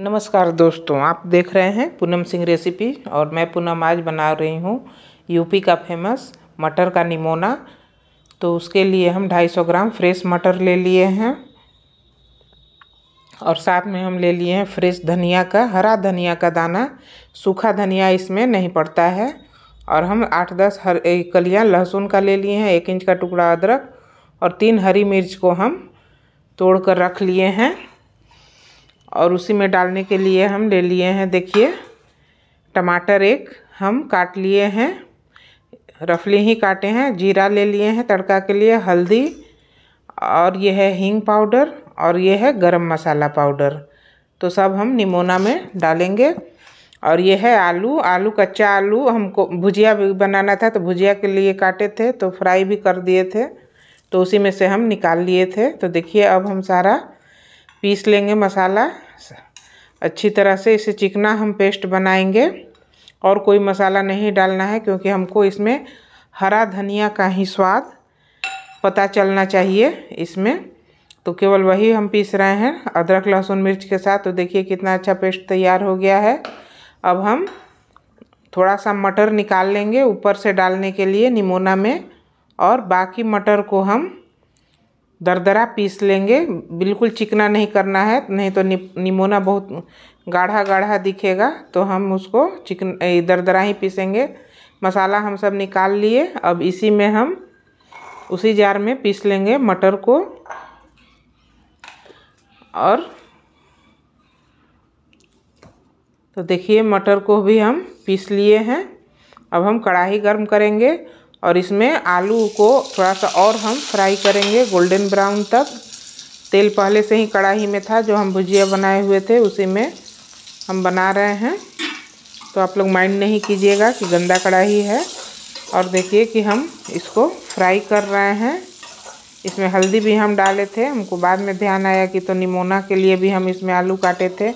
नमस्कार दोस्तों आप देख रहे हैं पूनम सिंह रेसिपी और मैं पूनम आज बना रही हूँ यूपी का फेमस मटर का निमोना तो उसके लिए हम 250 ग्राम फ्रेश मटर ले लिए हैं और साथ में हम ले लिए हैं फ्रेश धनिया का हरा धनिया का दाना सूखा धनिया इसमें नहीं पड़ता है और हम आठ दस हर कलियाँ लहसुन का ले लिए हैं एक इंच का टुकड़ा अदरक और तीन हरी मिर्च को हम तोड़ कर रख लिए हैं और उसी में डालने के लिए हम ले लिए हैं देखिए टमाटर एक हम काट लिए हैं रफली ही काटे हैं जीरा ले लिए हैं तड़का के लिए हल्दी और यह है हींग पाउडर और यह है गरम मसाला पाउडर तो सब हम निमोना में डालेंगे और ये है आलू आलू कच्चा आलू हमको भुजिया भी बनाना था तो भुजिया के लिए काटे थे तो फ्राई भी कर दिए थे तो उसी में से हम निकाल लिए थे तो देखिए अब हम सारा पीस लेंगे मसाला अच्छी तरह से इसे चिकना हम पेस्ट बनाएंगे और कोई मसाला नहीं डालना है क्योंकि हमको इसमें हरा धनिया का ही स्वाद पता चलना चाहिए इसमें तो केवल वही हम पीस रहे हैं अदरक लहसुन मिर्च के साथ तो देखिए कितना अच्छा पेस्ट तैयार हो गया है अब हम थोड़ा सा मटर निकाल लेंगे ऊपर से डालने के लिए निमोना में और बाकी मटर को हम दरदरा पीस लेंगे बिल्कुल चिकना नहीं करना है नहीं तो नि, निमोना बहुत गाढ़ा गाढ़ा दिखेगा तो हम उसको चिकन दरदरा ही पीसेंगे मसाला हम सब निकाल लिए अब इसी में हम उसी जार में पीस लेंगे मटर को और तो देखिए मटर को भी हम पीस लिए हैं अब हम कढ़ाई गर्म करेंगे और इसमें आलू को थोड़ा सा और हम फ्राई करेंगे गोल्डन ब्राउन तक तेल पहले से ही कढ़ाई में था जो हम भुजिया बनाए हुए थे उसी में हम बना रहे हैं तो आप लोग माइंड नहीं कीजिएगा कि गंदा कढ़ाई है और देखिए कि हम इसको फ्राई कर रहे हैं इसमें हल्दी भी हम डाले थे हमको बाद में ध्यान आया कि तो निमोना के लिए भी हम इसमें आलू काटे थे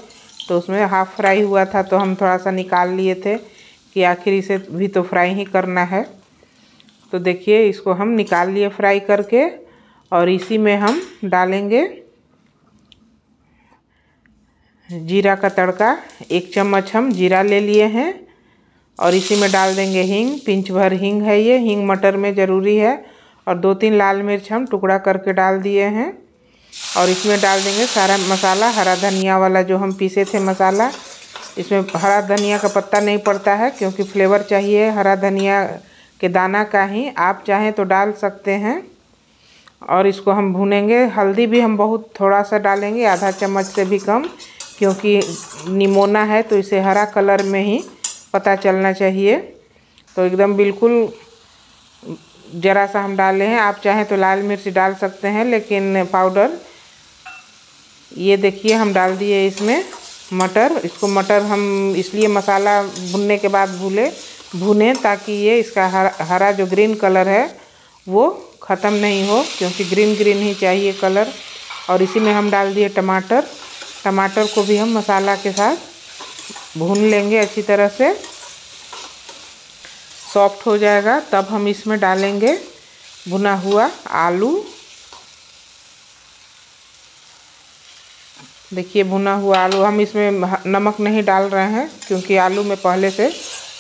तो उसमें हाफ़ फ्राई हुआ था तो हम थोड़ा सा निकाल लिए थे कि आखिर इसे भी तो फ्राई ही करना है तो देखिए इसको हम निकाल लिए फ्राई करके और इसी में हम डालेंगे जीरा का तड़का एक चम्मच हम जीरा ले लिए हैं और इसी में डाल देंगे हींग पिंच भर हींग है ये हींग मटर में ज़रूरी है और दो तीन लाल मिर्च हम टुकड़ा करके डाल दिए हैं और इसमें डाल देंगे सारा मसाला हरा धनिया वाला जो हम पीसे थे मसाला इसमें हरा धनिया का पत्ता नहीं पड़ता है क्योंकि फ्लेवर चाहिए हरा धनिया के दाना का ही आप चाहें तो डाल सकते हैं और इसको हम भूनेंगे हल्दी भी हम बहुत थोड़ा सा डालेंगे आधा चम्मच से भी कम क्योंकि निमोना है तो इसे हरा कलर में ही पता चलना चाहिए तो एकदम बिल्कुल ज़रा सा हम डाले हैं आप चाहें तो लाल मिर्च डाल सकते हैं लेकिन पाउडर ये देखिए हम डाल दिए इसमें मटर इसको मटर हम इसलिए मसाला भुनने के बाद भूले भुने ताकि ये इसका हरा हरा जो ग्रीन कलर है वो ख़त्म नहीं हो क्योंकि ग्रीन ग्रीन ही चाहिए कलर और इसी में हम डाल दिए टमाटर टमाटर को भी हम मसाला के साथ भून लेंगे अच्छी तरह से सॉफ्ट हो जाएगा तब हम इसमें डालेंगे भुना हुआ आलू देखिए भुना हुआ आलू हम इसमें नमक नहीं डाल रहे हैं क्योंकि आलू में पहले से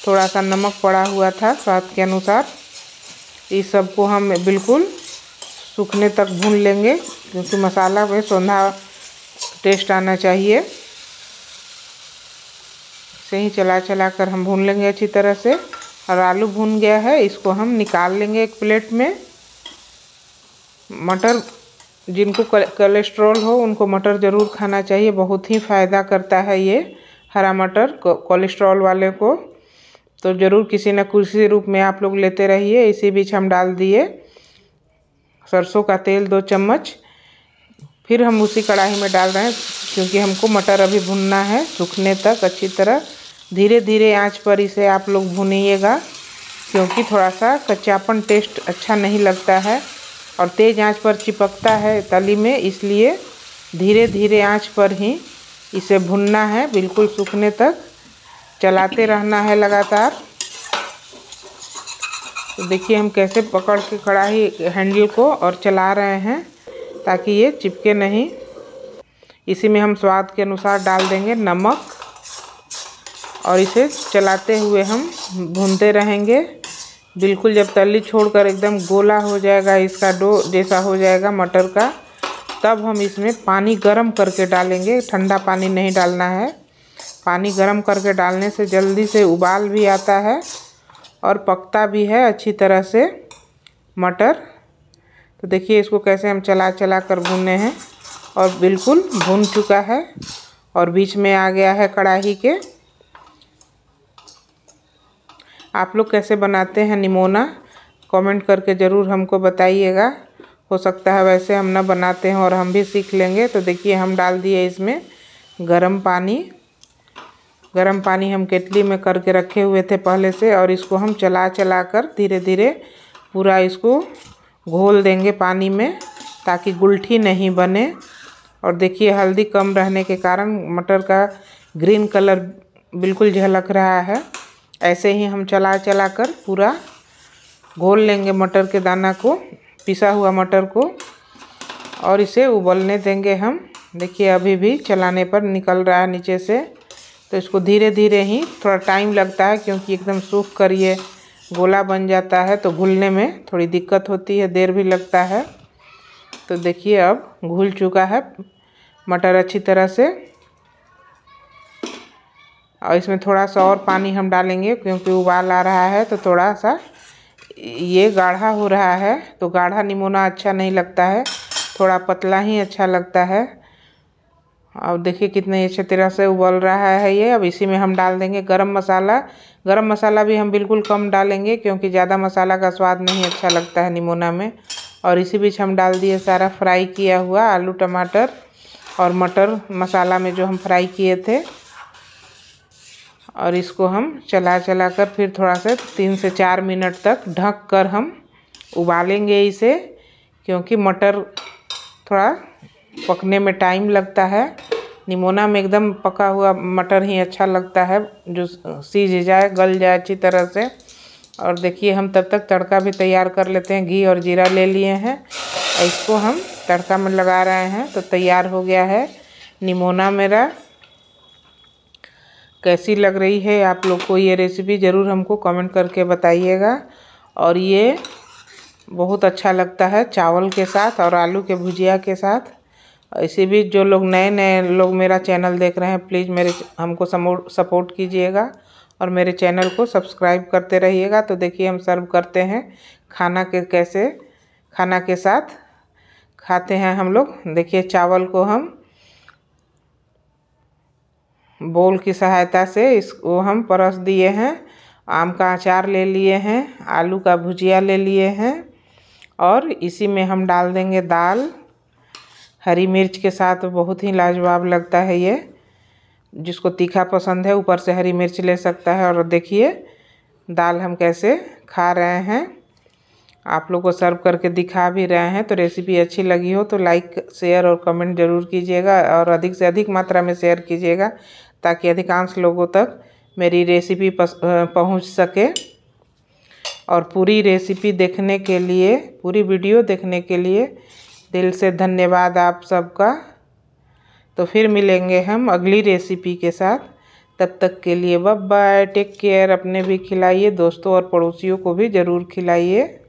थोड़ा सा नमक पड़ा हुआ था स्वाद के अनुसार इस सब को हम बिल्कुल सूखने तक भून लेंगे क्योंकि मसाला में सौंधा टेस्ट आना चाहिए से ही चला चला कर हम भून लेंगे अच्छी तरह से और आलू भून गया है इसको हम निकाल लेंगे एक प्लेट में मटर जिनको कोलेस्ट्रॉल हो उनको मटर ज़रूर खाना चाहिए बहुत ही फ़ायदा करता है ये हरा मटर कोलेस्ट्रॉल वाले को तो ज़रूर किसी न किसी रूप में आप लोग लेते रहिए इसी बीच हम डाल दिए सरसों का तेल दो चम्मच फिर हम उसी कढ़ाई में डाल रहे हैं क्योंकि हमको मटर अभी भुनना है सूखने तक अच्छी तरह धीरे धीरे आंच पर इसे आप लोग भुनिएगा क्योंकि थोड़ा सा कच्चापन टेस्ट अच्छा नहीं लगता है और तेज़ आंच पर चिपकता है तली में इसलिए धीरे धीरे आंच पर ही इसे भुनना है बिल्कुल सूखने तक चलाते रहना है लगातार तो देखिए हम कैसे पकड़ के कढ़ाई हैंडल को और चला रहे हैं ताकि ये चिपके नहीं इसी में हम स्वाद के अनुसार डाल देंगे नमक और इसे चलाते हुए हम भूनते रहेंगे बिल्कुल जब तली छोड़कर एकदम गोला हो जाएगा इसका डो जैसा हो जाएगा मटर का तब हम इसमें पानी गर्म करके डालेंगे ठंडा पानी नहीं डालना है पानी गर्म करके डालने से जल्दी से उबाल भी आता है और पकता भी है अच्छी तरह से मटर तो देखिए इसको कैसे हम चला चला कर भूनने हैं और बिल्कुल भून चुका है और बीच में आ गया है कढ़ाही के आप लोग कैसे बनाते हैं निमोना कमेंट करके ज़रूर हमको बताइएगा हो सकता है वैसे हम ना बनाते हैं और हम भी सीख लेंगे तो देखिए हम डाल दिए इसमें गरम पानी गर्म पानी हम केतली में करके रखे हुए थे पहले से और इसको हम चला चला कर धीरे धीरे पूरा इसको घोल देंगे पानी में ताकि गुलठी नहीं बने और देखिए हल्दी कम रहने के कारण मटर का ग्रीन कलर बिल्कुल झलक रहा है ऐसे ही हम चला चला कर पूरा घोल लेंगे मटर के दाना को पिसा हुआ मटर को और इसे उबलने देंगे हम देखिए अभी भी चलाने पर निकल रहा है नीचे से तो इसको धीरे धीरे ही थोड़ा टाइम लगता है क्योंकि एकदम सूख कर ये गोला बन जाता है तो घुलने में थोड़ी दिक्कत होती है देर भी लगता है तो देखिए अब घुल चुका है मटर अच्छी तरह से और इसमें थोड़ा सा और पानी हम डालेंगे क्योंकि उबाल आ रहा है तो थोड़ा सा ये गाढ़ा हो रहा है तो गाढ़ा निमोना अच्छा नहीं लगता है थोड़ा पतला ही अच्छा लगता है अब देखिए कितने अच्छे तरह से उबल रहा है ये अब इसी में हम डाल देंगे गरम मसाला गरम मसाला भी हम बिल्कुल कम डालेंगे क्योंकि ज़्यादा मसाला का स्वाद नहीं अच्छा लगता है निमोना में और इसी बीच हम डाल दिए सारा फ्राई किया हुआ आलू टमाटर और मटर मसाला में जो हम फ्राई किए थे और इसको हम चला चला कर फिर थोड़ा सा तीन से चार मिनट तक ढक कर हम उबालेंगे इसे क्योंकि मटर थोड़ा पकने में टाइम लगता है निमोना में एकदम पका हुआ मटर ही अच्छा लगता है जो सीझ जाए गल जाए अच्छी तरह से और देखिए हम तब तक तड़का भी तैयार कर लेते हैं घी और जीरा ले लिए हैं इसको हम तड़का में लगा रहे हैं तो तैयार हो गया है निमोना मेरा कैसी लग रही है आप लोग को ये रेसिपी ज़रूर हमको कमेंट करके बताइएगा और ये बहुत अच्छा लगता है चावल के साथ और आलू के भुजिया के साथ इसी बीच जो लोग नए नए लोग मेरा चैनल देख रहे हैं प्लीज़ मेरे हमको सपोर्ट कीजिएगा और मेरे चैनल को सब्सक्राइब करते रहिएगा तो देखिए हम सर्व करते हैं खाना के कैसे खाना के साथ खाते हैं हम लोग देखिए चावल को हम बोल की सहायता से इसको हम परस दिए हैं आम का अचार ले लिए हैं आलू का भुजिया ले लिए हैं और इसी में हम डाल देंगे दाल हरी मिर्च के साथ बहुत ही लाजवाब लगता है ये जिसको तीखा पसंद है ऊपर से हरी मिर्च ले सकता है और देखिए दाल हम कैसे खा रहे हैं आप लोग को सर्व करके दिखा भी रहे हैं तो रेसिपी अच्छी लगी हो तो लाइक शेयर और कमेंट ज़रूर कीजिएगा और अधिक से अधिक मात्रा में शेयर कीजिएगा ताकि अधिकांश लोगों तक मेरी रेसिपी पहुंच सके और पूरी रेसिपी देखने के लिए पूरी वीडियो देखने के लिए दिल से धन्यवाद आप सबका तो फिर मिलेंगे हम अगली रेसिपी के साथ तब तक के लिए बब बाय टेक केयर अपने भी खिलाइए दोस्तों और पड़ोसियों को भी ज़रूर खिलाइए